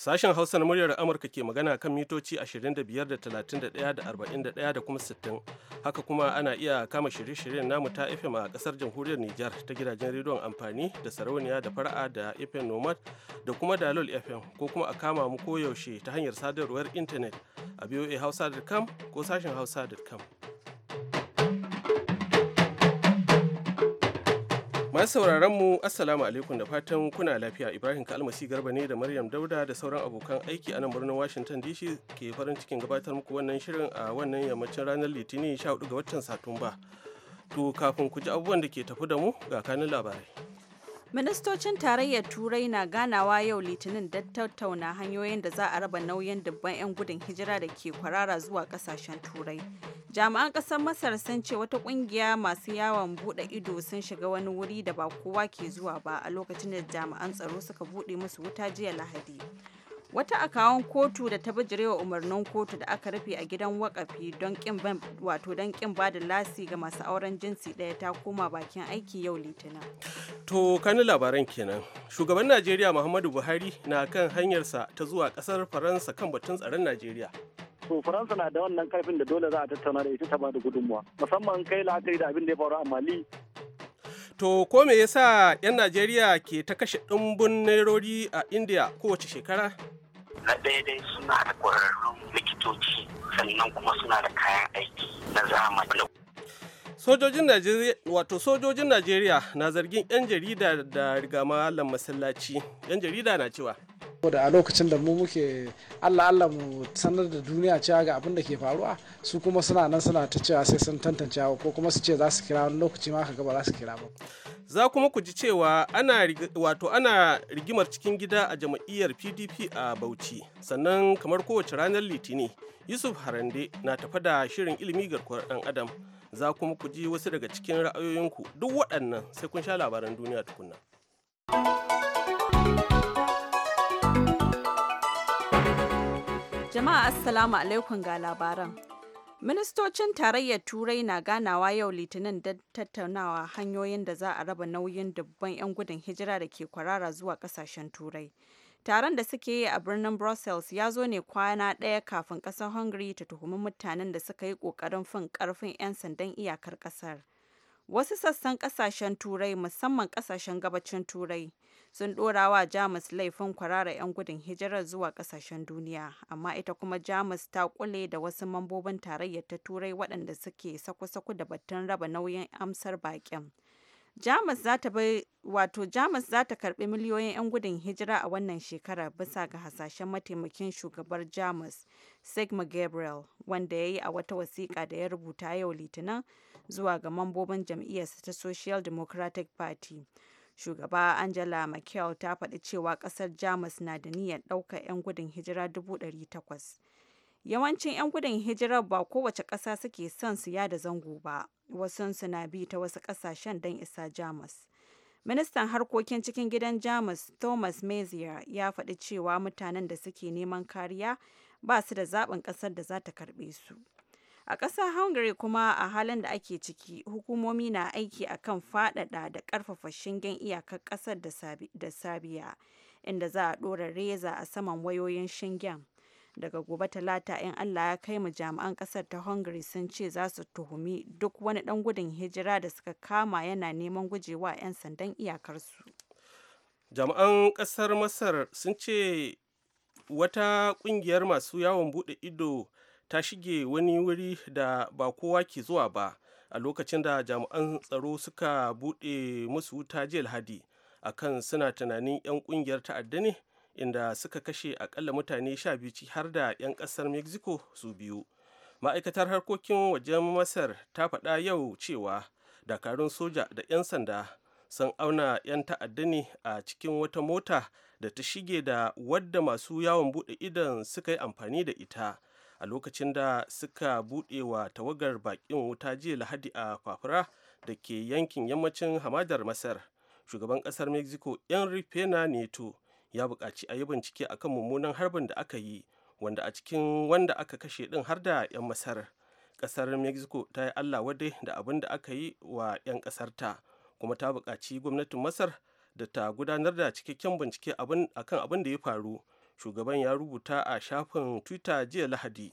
Sashen Hausa na muryar Amurka ke magana kan mitoci 25 da 31 da 41 da kuma 60. Haka kuma ana iya kama shirye-shiryen namu ta FM a kasar jamhuriyar Nijar ta gidajen rediyon amfani da sarauniya da fara'a da FM Nomad da kuma Dalol FM ko kuma a kama mu koyaushe ta hanyar sadarwar intanet a hausa.com ko sashen hausa.com. masu sauraron mu assalamu alaikum da fatan kuna lafiya ibrahim kalmasi garba ne da maryam dauda da sauran abokan aiki a nan birnin washington dc ke farin cikin gabatar muku wannan shirin a wannan yammacin ranar litinin 14 ga watan satumba to kafin ku ji abubuwan da ke tafi da mu ga kanin labarai Ministocin Tarayyar Turai na ganawa yau Litinin da tattauna hanyoyin da za a raba nauyin dubban 'yan gudun hijira da ke kwarara zuwa kasashen Turai. Jami'an ƙasar Masar sun ce wata ƙungiya masu yawon buɗe ido sun shiga wani wuri da ba kowa ke zuwa ba a lokacin da jami'an tsaro suka buɗe musu wuta jiya Lahadi. wata akawun kotu da ta bijirewa umarnin kotu da aka rufe a gidan wakafi don kin wato don kin ba da lasi ga masu auren jinsi ɗaya ta koma bakin aiki yau litinin to kani labaran kenan shugaban najeriya muhammadu buhari na kan hanyarsa ta zuwa kasar faransa kan batun tsaron najeriya to faransa na da wannan karfin da dole za a tattauna da ita ta ba da gudunmuwa musamman kai la'akari da abin da ya faru a mali To ko me yasa 'yan Najeriya ke ta kashe ɗumbun nairori a India kowace shekara? Na ɗaya dai suna da ƙwararrun likitoci sannan kuma suna da kayan aiki na zamani. Sojojin Najeriya wato sojojin Najeriya na zargin 'yan jarida da rigama malam masallaci. 'Yan jarida na cewa saboda a lokacin da mu muke allah allah mu sanar da duniya cewa ga abin da ke faruwa su kuma suna nan suna ta cewa sai sun tantance ko kuma su ce za su kira wani lokaci ma ka gaba za su kira ba za kuma ku ji cewa ana wato ana rigimar cikin gida a jam'iyyar pdp a bauchi sannan kamar kowace ranar litini yusuf harande na tafa da shirin ilimi garkuwar dan adam za kuma ku ji wasu daga cikin ra'ayoyinku duk waɗannan sai kun sha labaran duniya tukunna. Jama'a Assalamu alaikum ga labaran. Ministocin tarayyar Turai na ganawa yau Litinin da tattaunawa hanyoyin da za a raba nauyin dubban 'yan gudun hijira da ke kwarara zuwa kasashen Turai. Taron da suke yi a birnin Brussels ya zo ne kwana ɗaya kafin ƙasar Hungary ta tuhumi mutanen da suka yi ƙoƙarin fin ƙarfin 'yan sandan iyakar ƙasar. Wasu sassan kasashen Turai musamman kasashen gabacin Turai sun wa Jamus laifin kwarara 'yan gudun hijirar zuwa kasashen duniya, amma ita kuma Jamus ta kule da wasu mambobin tarayyar ta Turai waɗanda suke sako-sako da batun raba nauyin amsar baƙin. Jamus za ta bai wato Jamus za ta karbi miliyoyin 'yan gudun hijira a wannan shekara bisa ga hasashen mataimakin shugabar Jamus Sigmar Gabriel wanda ya yi a wata wasiƙa da ya rubuta yau Litinin zuwa ga mambobin jam'iyyarsa ta Social Democratic Party. Shugaba Angela Merkel ta faɗi cewa ƙasar Jamus na da niyyar ɗaukar 'yan gudun hijira 800. Yawancin 'yan gudun hijira ba kowace ƙasa suke son su yada zango ba, wasu suna bi ta wasu ƙasashen don isa Jamus. Ministan harkokin cikin gidan Jamus Thomas mazier ya faɗi cewa mutanen da suke neman kariya ba su da zaɓin ƙasar da za ta karɓe su. A ƙasar Hungary kuma a halin da ake ciki, hukumomi na aiki a kan faɗaɗa da ƙarfafa shingen iyakar ƙasar da Sabiya, inda za a ɗora reza a saman wayoyin shingen. Daga gobe talata in Allah ya kai mu jami'an ƙasar ta Hungary sun ce za su tuhumi duk wani ɗan gudun hijira da suka kama yana neman gujewa 'yan sandan iyakarsu. Jami'an ƙasar Masar sun ce wata ƙungiyar masu yawon buɗe ido ta shige wani wuri da ba kowa ke zuwa ba a lokacin da jami'an tsaro suka buɗe musu wuta jiya lahadi akan suna tunanin 'yan ƙungiyar ta'adda ne inda suka kashe akalla mutane sha biyu har da 'yan ƙasar mexico su biyu ma'aikatar harkokin wajen masar ta faɗa yau cewa dakarun soja da 'yan sanda sun auna 'yan ta'adda ne a cikin wata mota da ta shige da wadda masu yawon buɗe idon suka yi amfani da ita a lokacin da suka buɗe wa tawagar bakin wuta jiya lahadi a fafura da ke yankin yammacin hamadar masar shugaban ƙasar mexico 'yan pena neto ya buƙaci a yi bincike kan mummunan harbin da aka yi wanda a cikin wanda aka kashe ɗin har da 'yan masar ƙasar mexico ta yi allah wadai da abin da aka yi wa 'yan ƙasarta kuma ta buƙaci gwamnatin masar da ta gudanar da cikakken bincike akan abin da ya faru shugaban ya rubuta a shafin twitter jiya lahadi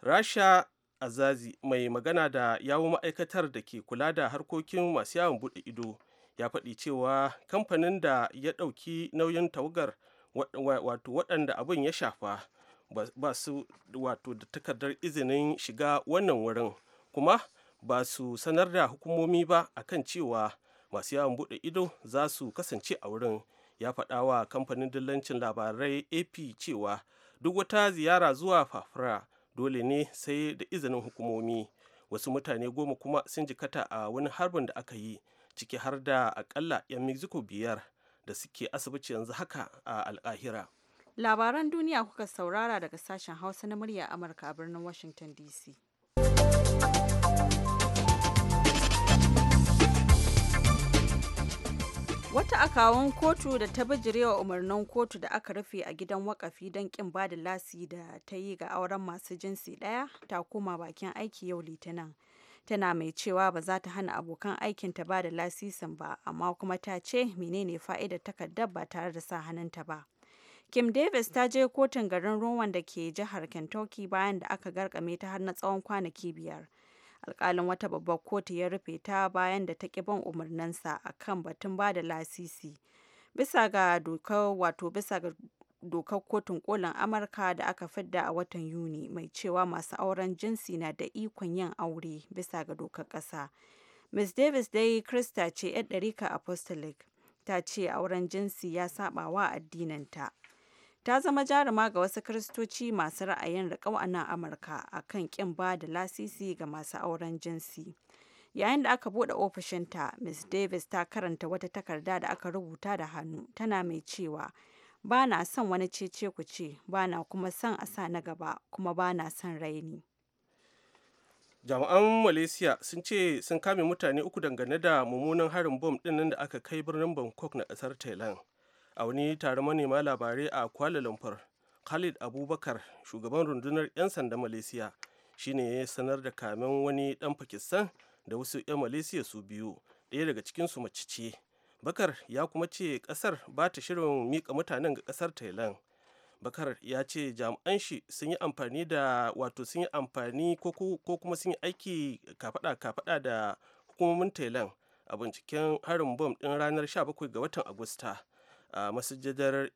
rasha azazi mai magana da yawun ma'aikatar da ke kula da harkokin masu yawon buɗe ido ya faɗi cewa kamfanin da ya ɗauki nauyin tawagar wato waɗanda abin ya shafa ba su wato da takardar izinin shiga wannan wurin kuma ba su sanar da hukumomi ba akan cewa masu yawon buɗe ido za su kasance a wurin ya faɗa wa kamfanin dillancin labarai ap cewa duk wata ziyara zuwa fafura dole ne sai da izinin hukumomi wasu mutane goma kuma sun jikata a wani harbin da aka yi ciki har da akalla 'yan mexico biyar da suke asibiti yanzu haka a alkahira labaran duniya kuka saurara daga sashen hausa na murya amurka a birnin washington dc Wata akawun kotu da ta bijirewa umarnin kotu da aka rufe a gidan wakafi don kin bada lasi da ta yi ga auren masu jinsi ɗaya ta koma bakin aiki yau litinin. Tana mai cewa ba za ta hana abokan aikin ta bada lasisin ba, amma kuma ta ce menene fa'idar takardar ba tare da sa hannunta ba. Kim Davis ta je kotun garin Rowan da ke jihar Kentucky bayan da aka garkame ta har na tsawon kwanaki biyar. alƙalin wata babbar kotu ya rufe ta bayan da ta ki bin umarninsa a kan batun ba da lasisi bisa ga dokar wato bisa ga dokar kotun kolin amurka da aka fidda a watan yuni mai cewa masu auren jinsi na da ikon yin aure bisa ga dokar ƙasa ms davis dai krista ce 'yan ɗarika apostolic ta ce auren jinsi ya saba wa addininta ta zama jaruma ga wasu Kiristoci masu ra'ayin rikau a nan Amurka a kan ƙin ba da lasisi ga masu auren jinsi. Yayin da aka bude ofishinta, Ms. Davis ta karanta wata takarda da aka rubuta da hannu, tana mai cewa, ba na son wani cece ku ce, ba na kuma son a sa na gaba, kuma ba na son raini. jami'an malaysia sun ce sun kame mutane uku dangane da mummunan harin bom ɗinnan da aka kai birnin bangkok na ƙasar thailand a wani taron manema labarai a kuala lumpur khalid abubakar shugaban rundunar 'yan sanda malaysia shine ya sanar da kamen wani dan pakistan da wasu 'yan malaysia su biyu ɗaya daga cikinsu mace ce bakar ya kuma ce kasar ba ta shirin mika mutanen ga kasar thailand bakar ya ce jami'an shi sun yi amfani da wato sun yi amfani ko kuma sun yi aiki kafada kafada da hukumomin thailand a binciken harin bom din ranar 17 ga watan agusta a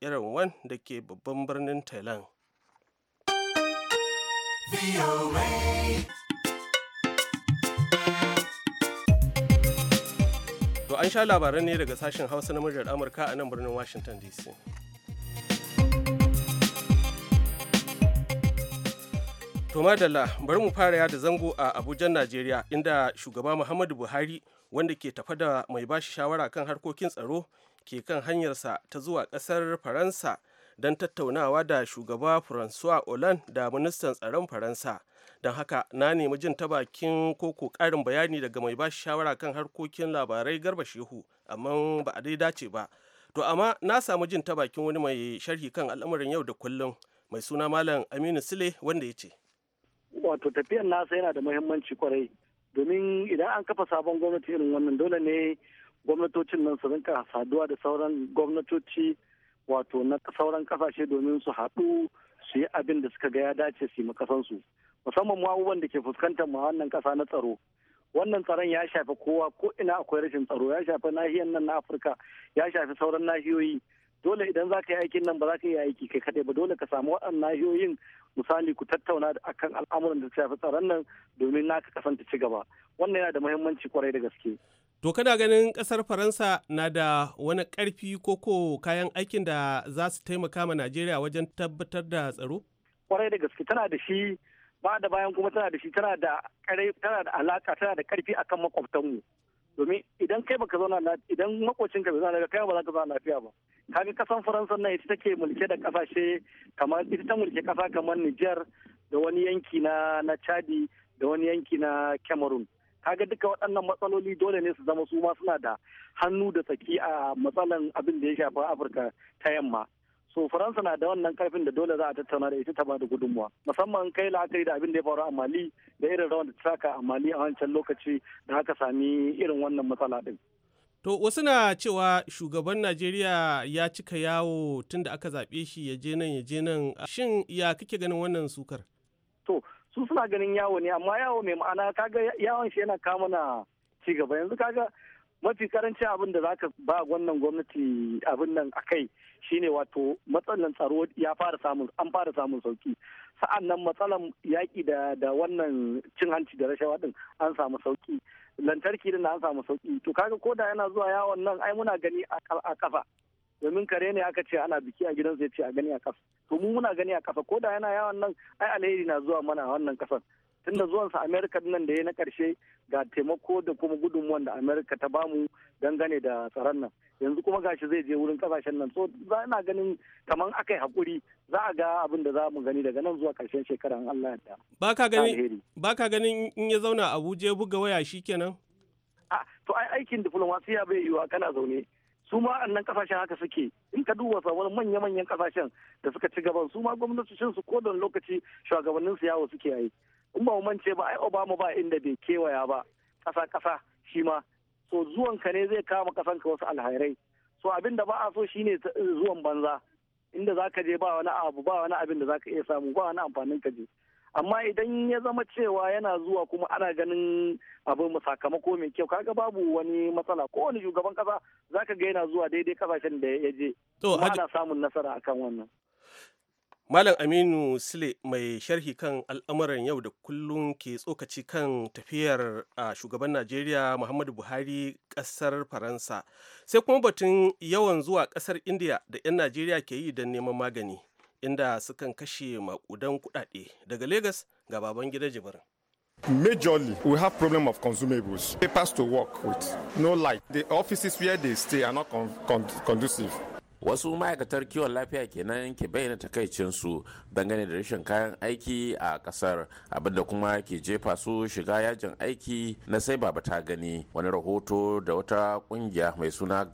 irin wan da ke babban birnin thailand To an sha labaran ne daga sashen Hausa na muryar Amurka a nan birnin Washington DC. To madalla bari mu fara ya da zango a Abuja Najeriya inda shugaba Muhammadu Buhari wanda ke tafa da mai bashi shawara kan harkokin tsaro ke kan hanyarsa ta zuwa ƙasar faransa don tattaunawa da shugaba francois hollande da ministan tsaron faransa don haka na nemi jin ta bakin koko ƙarin bayani daga mai bashi shawara kan harkokin labarai garba shehu amma ba a dai dace ba to amma na samu jin ta bakin wani mai sharhi kan al'amarin yau da kullum mai suna malam aminu sule wanda ya ce wato tafiyan nasa yana da muhimmanci kwarai domin idan an kafa sabon gwamnati irin wannan dole ne gwamnatocin nan su rinka saduwa da sauran gwamnatoci wato na sauran kasashe domin su haɗu su yi abin da suka ga ya dace su yi kasansu musamman mu abubuwan da ke fuskantar mu wannan kasa na tsaro wannan tsaron ya shafi kowa ko ina akwai rashin tsaro ya shafi nahiyar nan na afirka ya shafi sauran nahiyoyi dole idan za ka yi aikin nan ba za ka yi aiki kai kaɗai ba dole ka samu waɗannan nahiyoyin misali ku tattauna akan al'amuran da shafi tsaron nan domin naka kasance ci gaba wannan yana da muhimmanci kwarai da gaske to kana ganin kasar faransa na da wani ƙarfi ko ko kayan aikin da za su taimaka ma najeriya wajen tabbatar da tsaro kwarai da gaske tana da shi ba da bayan kuma tana da shi tana da tana alaka tana da ƙarfi akan makwabtanmu domin idan kai baka zauna lafiya idan makocinka bai zauna kai ba za ka zauna lafiya ba kaga kasan faransa nan ita take mulke da kasashe kamar ita ta mulke kasa kamar Niger da wani yanki na na Chadi da wani yanki na Cameroon kaga duka waɗannan matsaloli dole ne su zama su ma suna da hannu da saki a matsalan abin da ya shafi Afirka ta yamma so faransa na da wannan karfin da dole za a tattauna da ita ta ba da gudunmuwa musamman kai la'akari da abin da ya faru a mali da irin rawan da ta saka a mali a wancan lokaci da aka sami irin wannan matsala din to wasu na cewa shugaban najeriya ya cika yawo tunda aka zaɓe shi ya je nan ya je nan shin ya kake ganin wannan sukar to su suna ganin yawo ne amma yawo mai ma'ana kaga yawon shi yana kama na ci gaba yanzu kaga mafi karancin abin da zaka ba wannan gwamnati abin nan a kai shine wato matsalan tsaro ya fara samun an fara samun sauki sa'an nan matsalan yaƙi da da wannan cin hanci da rashawa din an samu sauki lantarki din an samu sauki to kaga koda yana zuwa yawon nan ai muna gani a kafa domin kare ne aka ce ana biki a gidan ya ce a gani a kafa to mu muna gani a ko koda yana yawon nan ai alheri na zuwa mana a wannan kasan tunda zuwansa amerika nan da ya na karshe ga taimako da kuma gudunmuwan da amerika ta bamu dangane da tsaron nan yanzu kuma gashi zai je wurin kasashen nan so za ina ganin kaman akai hakuri za a ga abin da za mu gani daga nan zuwa karshen shekara in Allah ya gani ba ka ganin in ya zauna Abuja ya buga waya shikenan a to ai aikin diplomasiya bai yiwa kana zaune su ma annan kasashen haka suke in ka duba sabon manya-manyan kasashen da suka ci gaban su ma gwamnatocin su kodon lokaci shugabannin su yawo suke yi in ba mance ba ai obama ba inda bai kewaya ba kasa kasa shi ma so zuwan ka ne zai kama kasan ka wasu alhairai so abin da ba a so shine zuwan banza inda zaka je ba wani abu ba wani abin da zaka iya samu ba wani amfanin ka je amma idan ya zama cewa yana zuwa kuma ana ganin abin sakamako mai kyau kaga babu wani matsala ko wani shugaban kasa zaka ga yana zuwa daidai kasashen da ya je ana samun nasara akan wannan Malam Aminu Sule mai sharhi kan al'amuran yau da kullum ke tsokaci kan tafiyar a shugaban Najeriya Muhammadu Buhari ƙasar Faransa. Sai kuma batun yawan zuwa ƙasar India da 'yan Najeriya ke yi don neman magani, inda sukan kashe maƙudan kuɗaɗe. Daga Legas ga baban gida jibirin. Majorly, we have problem of consumables, papers to work with, no light. The offices where they stay are not con con conducive. wasu ma'aikatar kiwon lafiya kenan ke bayyana takaicinsu dangane da rashin kayan aiki a kasar abinda kuma ke jefa su shiga yajin aiki na sai baba ta gani wani rahoto da wata kungiya mai suna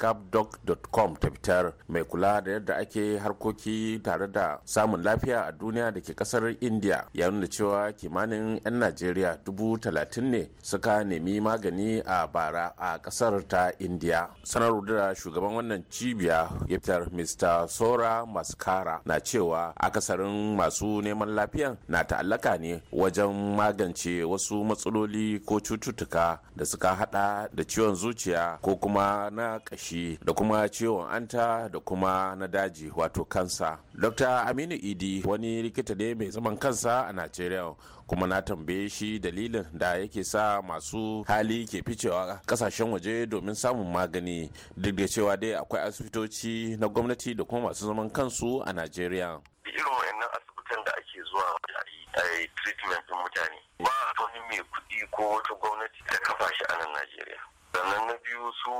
com ta fitar mai kula da yadda ake harkoki tare da samun lafiya a duniya da ke kasar india ya nuna cewa kimanin 'yan najeriya dubu talatin ne suka nemi magani a bara a kasar ta india sanar da shugaban wannan cibiya ya kasar mr sora Mascara na cewa akasarin masu neman lafiyan na ta'allaka ne wajen magance wasu matsaloli ko cututtuka da suka hada da ciwon zuciya ko kuma na kashi da kuma ciwon anta da kuma na daji wato kansa dr aminu idi wani likita ne mai zaman kansa a najeriya kuma na tambaye shi dalilin da yake sa masu hali ke ficewa kasashen waje domin samun magani duk da cewa dai akwai asibitoci na gwamnati da kuma masu zaman kansu a najeriya irin asibitin da ake zuwa yi din mutane ba a mai kuɗi ko wata gwamnati ta kafa shi a nan najeriya sannan na biyu su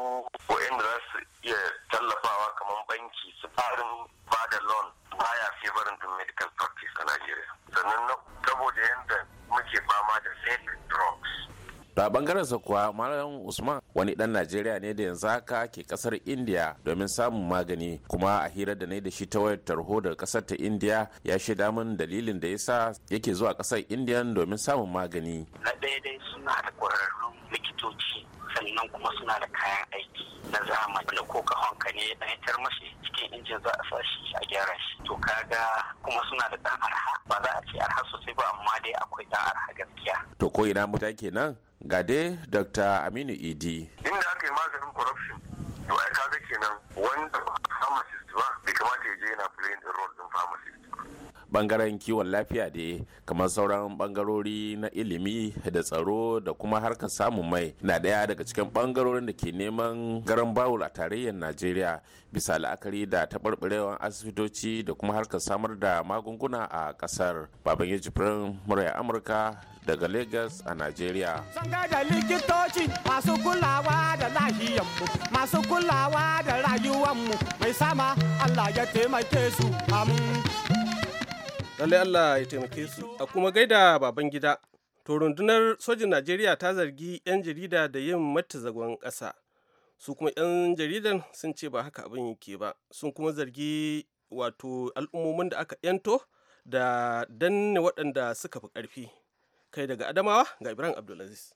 waɗanda za su iya tallafawa kamar banki su farin ba da loan baya barin da medical practice a Najeriya sannan na saboda yadda muke fama da fake drugs ta bangarensa kuwa malam usman wani dan najeriya ne da yanzu haka ke kasar india domin samun magani kuma a hirar da ne da shi ta wayar tarho daga kasar ta india ya shaida damun dalilin da yasa yake zuwa kasar Indiya domin samun magani na daidai suna da kwararrun likitoci sannan kuma suna da kayan aiki na zamani da ko kahon ka ne ya tar mashi cikin injin za a sa shi a gyara shi to kaga kuma suna da ɗan arha ba za a ce arha sosai ba amma dai akwai ɗan arha gaskiya to ko ina mutane kenan ga dai dr aminu idi inda aka yi maganin corruption to ai kaga kenan wanda pharmacist ba bai kamata ya je yana playing the role din pharmacist bangaren kiwon lafiya da kamar sauran bangarori na ilimi da tsaro da kuma harkar samun mai na daya daga cikin bangarorin da ke neman garan bawul a tarayyar najeriya bisa la'akari da taɓarɓarewar asibitoci da kuma harkar samar da magunguna a ƙasar baban yajibirin murya amurka daga lagos a najeriya da likitoci masu kulawa da lahiyanmu masu kulawa da rayuwanmu mai sama allah ya taimake su lallai allah ya taimake su a kuma gaida baban gida to rundunar sojin najeriya ta zargi 'yan jarida da yin mata zagon ƙasa su kuma 'yan jaridan sun ce ba haka abin yake ba sun kuma zargi wato al'ummomin da aka 'yanto da danne waɗanda suka fi ƙarfi kai daga adamawa ga ibrahim abdulaziz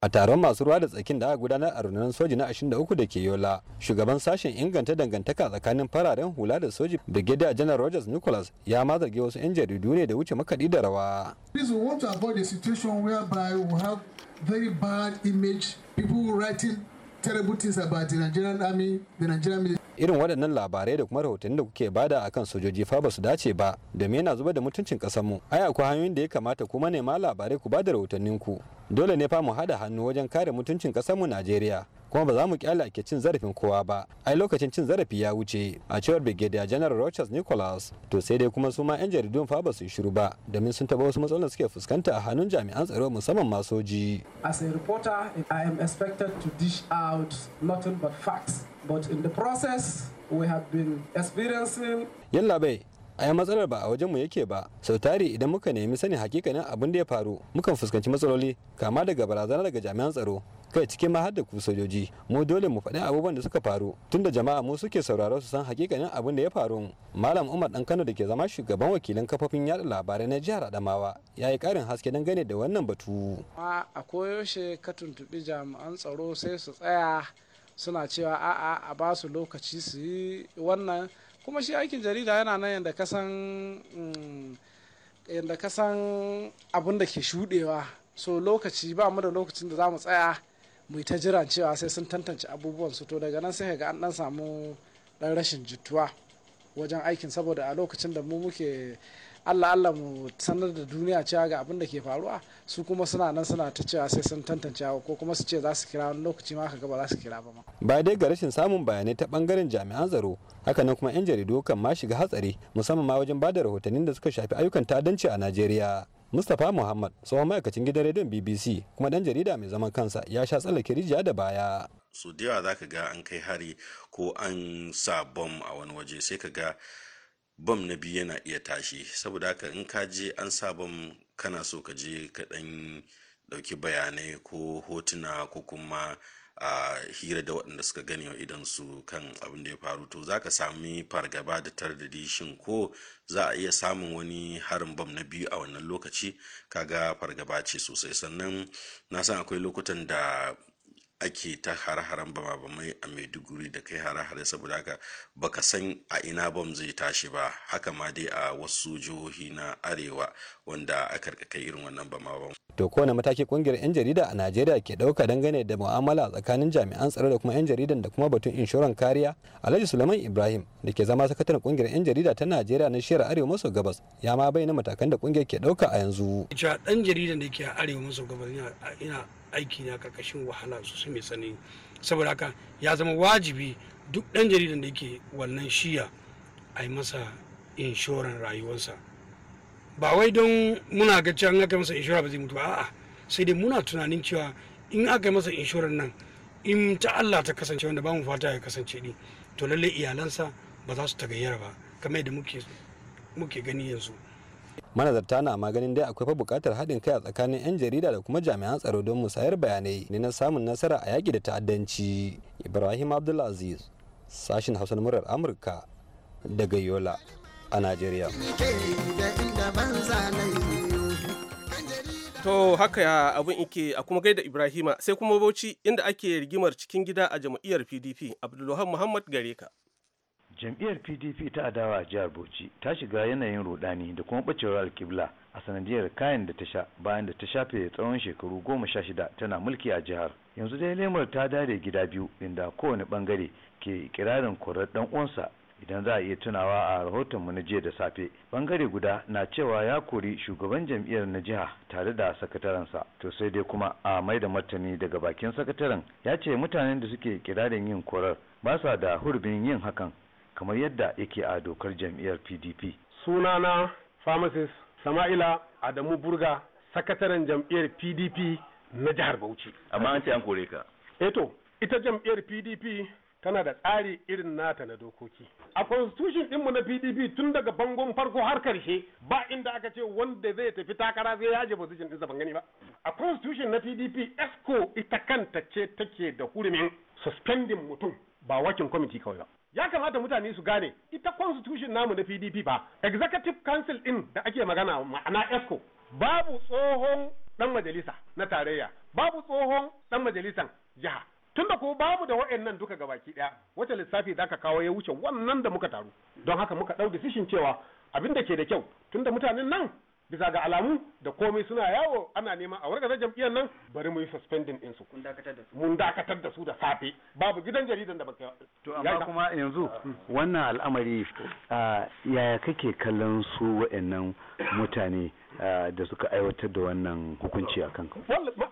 a taron masu ruwa da tsakin da aka gudanar a rundunar soji na 23 da ke yola shugaban sashen inganta dangantaka tsakanin fararen hula da soji brigadier general rogers nicholas ya ma zargi wasu 'yan jaridu ne da wuce makaɗi da rawa very bad image people writing terribilities about da Nigerian army, da Nigerian military. Irin waɗannan labarai da kuma rahotanni da kuke bada a kan sojoji fa ba su dace ba, domin yana zuba da mutuncin mu Ai akwai hanyoyin da ya kamata kuma nema labarai ku bada rahotannin ku. Dole ne fa mu haɗa hannu wajen kare mutuncin mu Najeriya. kuma ba za mu kyale ake cin zarafin kowa ba ai lokacin cin zarafi ya wuce a cewar brigadier general Rochas Nicholas to sai dai kuma su ma yan jaridun fa ba su yi shiru ba domin sun taba wasu matsalolin suke fuskanta a hannun jami'an tsaro musamman masoji as a reporter i am expected to dish out nothing but facts but in the process we have been experiencing yalla bai ai matsalar ba a wajen mu yake ba sau tari idan muka nemi sanin hakikanin abin da ya faru mukan fuskanci matsaloli kama daga barazana daga jami'an tsaro kai cikin ma har da ku sojoji mu dole mu faɗi abubuwan da suka faru tunda jama'a mu suke sauraro su san hakikanin abin da ya faru malam umar dan kano da ke zama shugaban wakilin kafofin yada labarai na jihar adamawa ya yi ƙarin haske dangane da wannan batu a koyaushe ka tuntuɓi jami'an tsaro sai su tsaya suna cewa a'a a ba su lokaci su yi wannan kuma shi aikin jarida yana nan yadda kasan mm, yadda kasan abin da ke shuɗewa so lokaci ba mu da lokacin da za mu tsaya mu ta jiran cewa sai sun tantance abubuwan su to daga nan sai ga an dan samu dan rashin jituwa wajen aikin saboda a lokacin da mu muke allah allah mu sanar da duniya cewa ga abin da ke faruwa su kuma suna nan suna ta cewa sai sun tantance ko kuma su ce za su kira wani lokaci ma kaga ba za su kira ba ma ba dai ga rashin samun bayanai ta bangaren jami'an tsaro hakanan kuma yan jaridu kan ma shiga hatsari musamman ma wajen bada rahotannin da suka shafi ayyukan ta'addanci a najeriya mustapha muhammad tsohon ma'aikacin gidan rediyon bbc kuma ɗan jarida mai zaman kansa ya sha tsallake rijiya da baya so da yawa zaka ga an kai hari ko an sa bom a wani waje sai ka ga bom na biyu yana iya tashi saboda haka in ka je an sa bom kana so ka je ka dan dauki bayanai ko hotuna ko kuma a hira da waɗanda suka gani wa idan su kan abin da ya faru to za ka sami fargaba da da shin ko za a iya samun wani harin bam na biyu a wannan lokaci kaga fargaba ce sosai sannan na san akwai lokutan da ake ta hare-haren ba mai a maiduguri da kai hare-hare saboda haka baka san a ina bom zai tashi ba haka ma dai a wasu jihohi na arewa wanda aka kai irin wannan bama to kowane mataki kungiyar yan jarida a najeriya ke dauka dangane da mu'amala tsakanin jami'an tsaro da kuma yan jaridan da kuma batun inshoran kariya alhaji suleiman ibrahim da ke zama sakataren kungiyar yan jarida ta najeriya na shiyar arewa maso gabas ya ma bayyana matakan da kungiyar ke dauka a yanzu dan jaridan da ke arewa maso gabas ina aiki na karkashin wahala sosai mai tsanani saboda haka ya zama wajibi duk ɗan jaridan da yake wannan shiya a yi masa inshoran rayuwarsa ba wai don muna ga cewa aka masa inshora ba zai mutu ba a'a sai dai muna tunanin cewa in aka masa inshoran nan in ta Allah ta kasance wanda ba mu fata ya kasance ni to lallai iyalansa ba za su tagayyara ba kamar yadda muke gani yanzu manazarta na maganin dai akwai fa bukatar haɗin kai a tsakanin 'yan jarida da kuma jami'an tsaro don musayar bayanai ne na samun nasara a yaƙi da ta'addanci ibrahim abdulaziz sashin hausa na murar amurka daga yola a najeriya To haka ya abin ike a kuma gaida Ibrahima sai kuma Bauchi inda ake rigimar cikin gida a jam'iyyar PDP Abdulluhan Muhammad Gareka. jam'iyyar pdp ta adawa a jihar bauchi ta shiga yanayin rudani da kuma bacewar alkibla a sanadiyar kayan da ta sha bayan da ta shafe tsawon shekaru goma sha shida tana mulki a jihar yanzu dai lemar ta dare gida biyu inda kowane bangare ke kirarin korar dan uwansa idan za a iya tunawa a rahoton mu na jiya da safe bangare guda na cewa ya kori shugaban jam'iyyar na jiha tare da sakatarensa to sai dai kuma a mai da martani daga bakin sakataren ya ce mutanen da suke kirarin yin korar ba sa da hurbin yin hakan kamar yadda yake a dokar jam'iyyar pdp sunana pharmacist sama'ila adamu burga sakataren jam'iyyar pdp na jihar bauchi amma an ce an kore ka eto eh ita jam'iyyar pdp tana da tsari irin nata na dokoki a constitution dinmu na pdp tun daga bangon farko har karshe ba inda aka ce wanda zai tafi takara zai yaje position ɗinsa ban gani ba a constitution na pdp esco ita kanta ce take da hurumin suspending mutum ba wakin kwamiti kawai ba ya kamata mutane su gane ita constitution namu na PDP ba executive council din da ake magana ma'ana ESCO babu tsohon dan majalisa na tarayya babu tsohon dan majalisan jiha tunda ko babu da wa'annan duka gabaki daya wata lissafi zaka kawo ya wuce wannan da muka taru don haka muka dau decision cewa abin da ke da kyau tunda mutanen nan bisa ga alamu da komai suna yawo ana nema a wargaza jam'iyyar nan bari mu yi suspending din su mun dakatar da su da safe babu gidan jaridan da baka to amma kuma yanzu ah. wannan al'amari ah, yaya kake kallon su wa'annan mutane ah, da suka aiwatar da wannan hukunci akan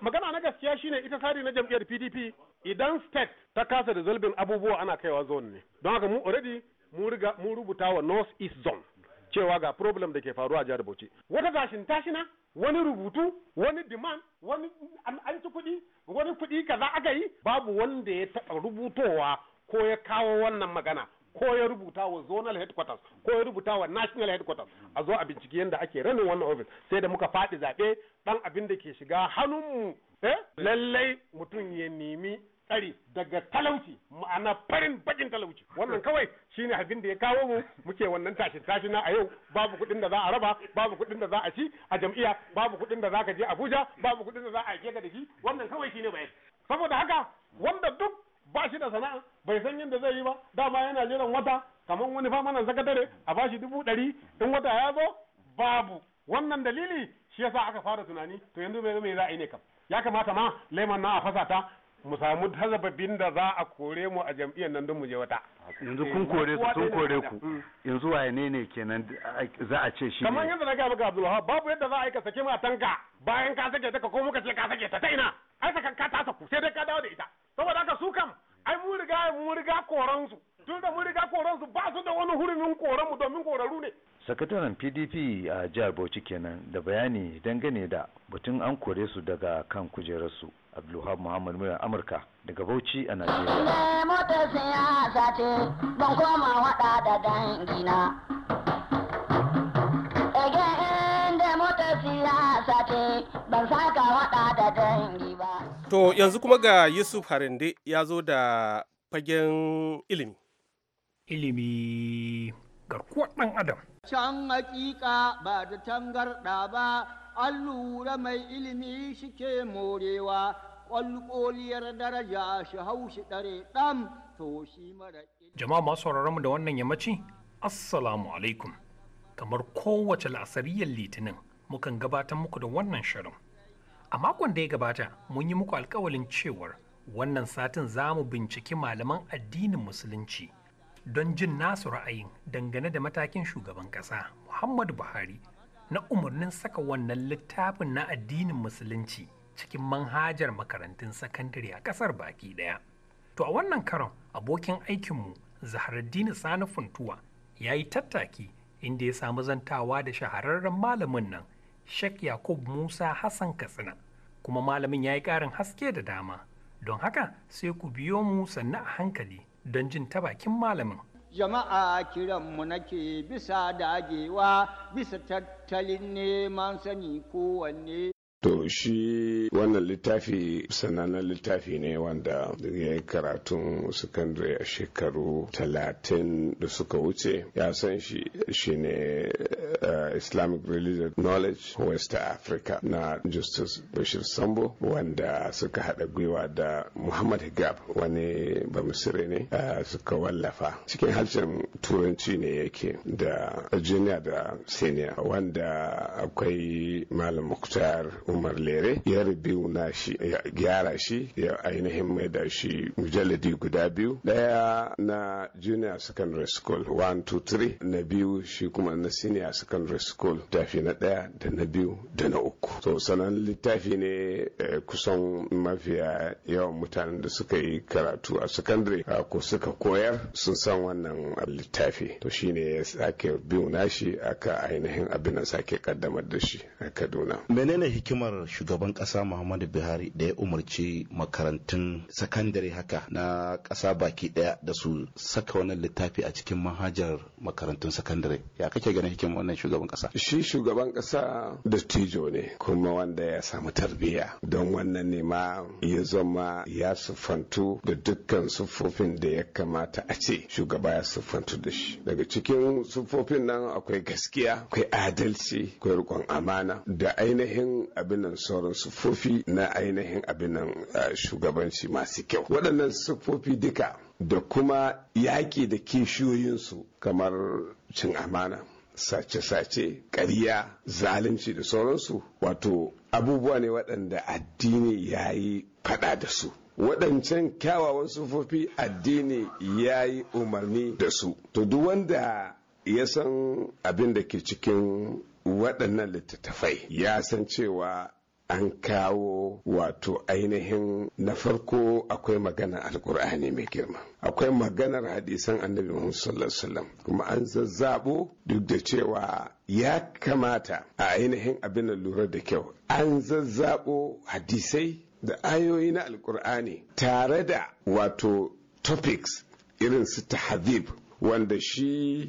magana na gaskiya shine ita sari na jam'iyyar PDP idan state ta kasa da zulbin abubuwa ana kaiwa zone ne don haka mu already mu rubuta wa north east zone cewa ga problem da ke faruwa a jihar Bauchi. Wata tashin tashina, wani rubutu, wani demand, wani an ci kuɗi, wani kuɗi kaza aka yi, babu wanda ya taɓa rubutowa ko ya kawo wannan magana. Ko ya rubuta wa zonal headquarters, ko ya rubuta wa national headquarters, a zo a bincike yadda ake ranin wannan office sai da muka faɗi zaɓe ɗan abin da ke shiga hannun mu. Eh, lallai mutum ya nemi tsari daga talauci ma'ana farin bakin talauci wannan kawai shine abin da ya kawo mu muke wannan tashin tashin na a yau babu kuɗin da za a raba babu kuɗin da za a ci a jam'iyya babu kuɗin da za ka je Abuja babu kuɗin da za a aike ka da shi wannan kawai shine bayan saboda haka wanda duk ba shi da sana'a bai san yadda zai yi ba dama yana jiran wata kamar wani famanan dare a bashi dubu ɗari in wata ya zo babu wannan dalili shi yasa aka fara tunani to yanzu bai za a yi ne kam ya kamata ma laiman na a fasa ta mu samu hazababin da za a kore mu a jam'iyyar nan don mu je wata yanzu kun eh, kore su sun kore ku hmm. yanzu waye ne ne kenan za a ce shi kamar yadda na ga maka Abdulwahab babu yadda za a yi ka saki matanka bayan ka sake ta ka ko muka ce ka sake ta ta ina ai saka ka ta saku sai dai ka dawo da ita saboda haka su kam ai mu riga mu riga koran su tun da mu riga koran su ba su da wani hurumin koran mu domin koraru ne sakataren pdp a jihar bauchi kenan da bayani dangane da batun an kore su daga kan kujerarsu abdulwahab muhammad muna amurka daga bauchi a najeriya ne eh, motar siyasa ce ban koma wada da dangina ege inda motar siyasa ce ban saka waɗa da dangi ba to yanzu kuma ga yusuf harinde ya zo da fagen ilimi ilimi garkuwar dan adam can hakika ba da tangarda ba an lura mai ilimi shi ke morewa ƙwalƙoliyar daraja shi haushi ɗare ɗam to shi mara jama'a masu mu da wannan yammaci assalamu alaikum kamar kowace la'asariyar litinin mukan gabatar muku da wannan shirin a makon da ya gabata mun yi muku alkawalin cewar wannan satin za mu binciki malaman addinin musulunci don jin nasu ra'ayin dangane da matakin shugaban ƙasa muhammadu buhari na umarnin saka wannan littafin na addinin musulunci cikin manhajar makarantun sakandare a ƙasar baki ɗaya. To a wannan karon abokin aikinmu Zaharaddini Sani Funtuwa ya yi tattaki inda ya samu zantawa da shahararren malamin nan Sheikh Yakub Musa Hassan Katsina kuma malamin ya yi ƙarin haske da dama don haka sai ku biyo mu sannu a hankali don jin ta bakin malamin. jama'a kiranmu nake bisa dagewa bisa tattalin neman sani kowanne To shi wannan littafi sananan littafi ne wanda ya yi karatun sakandare a shekaru talatin da suka wuce ya san shi shine uh, eh, Islamic Religious Knowledge West Africa na Justice Bashir Sambo wanda suka haɗa gwiwa da Muhammad gab wani bamisire ne uh, suka wallafa cikin harshen turanci ne yake da junior da senior wanda akwai Malam Mukhtar umar lere ya na shi ya gyara shi ya ainihin mai da shi mujalladi guda biyu daya na junior secondary school 123 2 na biyu shi kuma na senior secondary school tafi na daya da na biyu da na uku to sanan littafi ne eh, kusan mafiya yawan mutanen da suka yi karatu a secondary ah, ko suka koyar sun san wannan littafi to shine ya sake biyu nashi aka ainihin abin sake kaddamar da shi a kaduna menene hikima hikimar shugaban kasa muhammadu buhari da ya umarci makarantun sakandare haka na kasa baki daya da su saka wannan littafi a cikin mahajar makarantun sakandare ya kake ganin hikimar wannan shugaban kasa shi shugaban kasa dattijo ne kuma wanda ya samu tarbiyya don wannan ne ma ya zama ya siffantu da dukkan siffofin da ya kamata a ce shugaba ya siffantu da shi daga cikin siffofin nan akwai gaskiya akwai adalci akwai rikon amana da ainihin abin nan sauran siffofi na ainihin abin nan shugabanci masu kyau waɗannan siffofi duka da kuma yaƙi da kishiyoyinsu kamar cin amana sace-sace ƙarya zalunci da sauransu wato abubuwa ne waɗanda addini ya yi faɗa da su waɗancan kyawawan sufofi addini ya yi umarni da su to duk wanda ya san abin da ke cikin waɗannan littattafai ya san cewa an kawo wato ainihin na farko akwai maganar alkur'ani mai girma akwai maganar hadisan annabi muhammad sallallahu kuma an zazzabo duk da cewa ya kamata a ainihin abin lura da kyau an zazzabo hadisai da ayoyi na alkur'ani tare da wato topics irin su tahadib wanda shi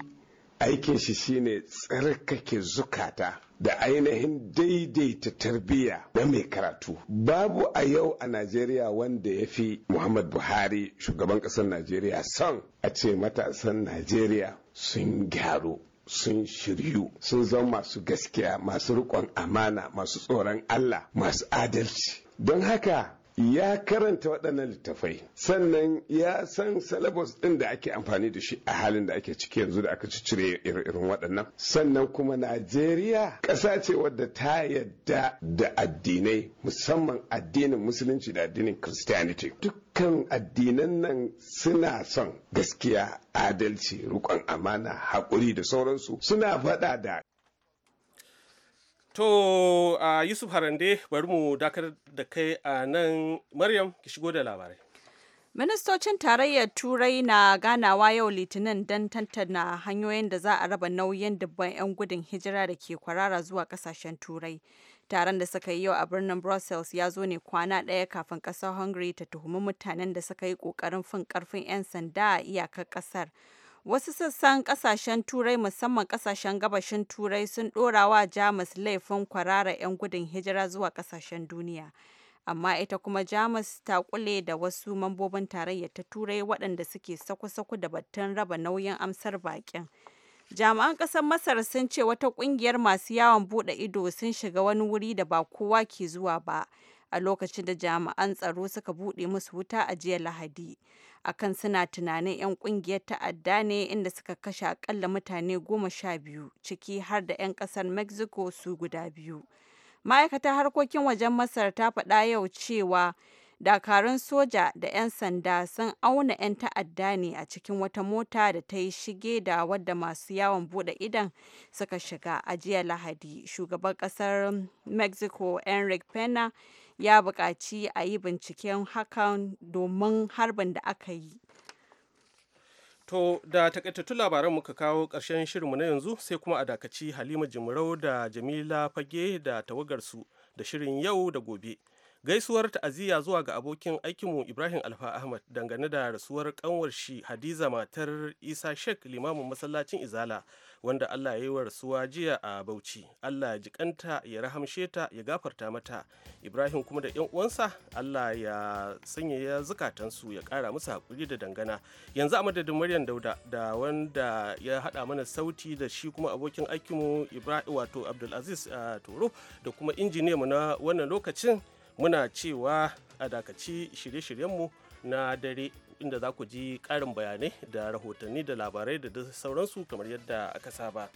aikin shi shine tsarkake zukata da ainihin daidaita tarbiyya na mai karatu babu a yau a najeriya wanda ya fi muhammad buhari shugaban ƙasar najeriya son a ce matasan najeriya sun gyaru sun shiryu sun zama masu gaskiya masu riƙon amana masu tsoron allah masu adalci don haka ya karanta waɗannan littafai sannan ya san salabos ɗin da ake amfani da shi a halin da ake ciki yanzu da aka cire irin waɗannan sannan kuma najeriya ƙasa ce wadda ta yadda da addinai musamman addinin musulunci da addinin christianity dukkan addinan nan suna son gaskiya adalci rukon amana haƙuri da sauransu suna faɗa da To a Yusuf Harande bari mu dakar da kai a nan Maryam ki shigo da labarai. Ministocin Tarayyar Turai na ganawa yau Litinin don tantana hanyoyin da za a raba nauyin dubban 'yan gudun hijira da ke kwarara zuwa kasashen Turai. Taron da suka yi yau a birnin Brussels ya zo ne kwana ɗaya kafin ƙasar Hungary ta tuhumi mutanen da suka yi ƙoƙarin fin ƙarfin 'yan sanda a iyakar ƙasar Wasu sassan kasashen Turai musamman kasashen gabashin Turai sun ɗora wa Jamus laifin kwarara 'yan gudun hijira zuwa ƙasashen duniya. Amma ita kuma Jamus ta kule da wasu mambobin tarayyar ta Turai waɗanda suke saku-saku da batun raba nauyin amsar baƙin. Jami'an ƙasar Masar sun ce wata ƙungiyar masu yawon buɗe ido sun shiga wani wuri da ba kowa ke zuwa ba a lokacin da jami'an tsaro suka buɗe musu wuta a jiya Lahadi. akan suna tunanin 'yan kungiyar ta'adda ne inda suka kashe akalla mutane goma sha biyu ciki har da 'yan kasar mexico su guda biyu ma'aikatar harkokin wajen masar ta faɗa yau cewa dakarun soja da 'yan sanda sun auna 'yan ta'adda ne a cikin wata mota da ta yi shige da wadda masu yawon bude idon suka shiga a jiya lahadi shugaban kasar mexico enrique pena ya buƙaci a yi binciken hakan domin harbin da aka yi. To da takaitattun labaran muka kawo ƙarshen shirinmu na yanzu sai kuma a dakaci Halima Jimarau da Jamila Fage da tawagarsu da shirin yau da gobe. Gaisuwar ta'aziyya zuwa ga abokin aikinmu Ibrahim Alfa Ahmad dangane da rasuwar kanwar shi Hadiza matar Isa Sheikh limamin masallacin Izala wanda Allah ya yi wa rasuwa jiya a Bauchi Allah ya jikanta ya rahamshe ta ya gafarta mata Ibrahim kuma da yan uwansa Allah ya sanya ya su ya kara musu hakuri da dangana yanzu a madadin Maryam Dauda da wanda ya hada mana sauti da shi kuma abokin aikinmu Ibrahim wato Abdulaziz Toro da kuma injiniyanmu na wannan lokacin muna cewa a dakaci shirye-shiryenmu na dare inda za ku ji ƙarin bayanai da rahotanni da labarai da sauransu kamar yadda aka saba.